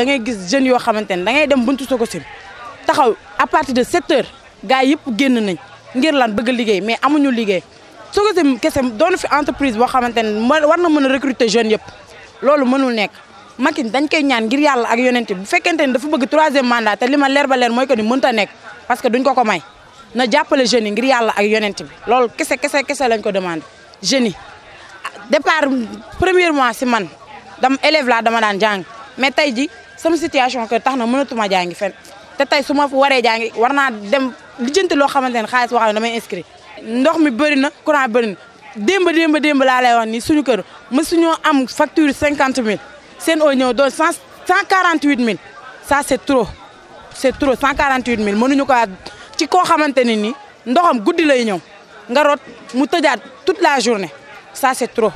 da ngay gis jeune yo xamantene da ngay dem buntu soko Sococim taxaw à partir de 7 h gaay yep genn nañ ngir lan bëgg liggéey mais amuñu liggéey soko Sococim kese doon fi entreprise bo xamantene war na mëna recruter jeune yep lolu mënul nekk makin dañ koy ñaan ngir yalla ak yonente bu fekkente ne dafa bëgg 3e mandat te lima lèr ba lèr moy ko ni mënta nekk parce que duñ ko ko may na jappalé jeune ngir yalla ak yonente bi lolu kessé kessé kessé lañ ko demande jeune départ premièrement ci man dam élève la dama dan jang mais tay ji sama situation kër tax na mënatuma jàngi fen te tey su ma waree jàngi war naa dem lijjanti loo xamante ne xaalis boo xam damay inscrit ndox mi bëri na courant bëri na démb démb laa lay wax nii suñu kër mësuñoo am facture cinquante mille seen oo ñëw doon cent cent quarante huit mille ça c' est trop c' est trop cent quarante huit mille mënuñu ko ci koo xamante ne nii ndoxam guddi lay ñëw nga root mu tëjaat toute la journée ça c' tro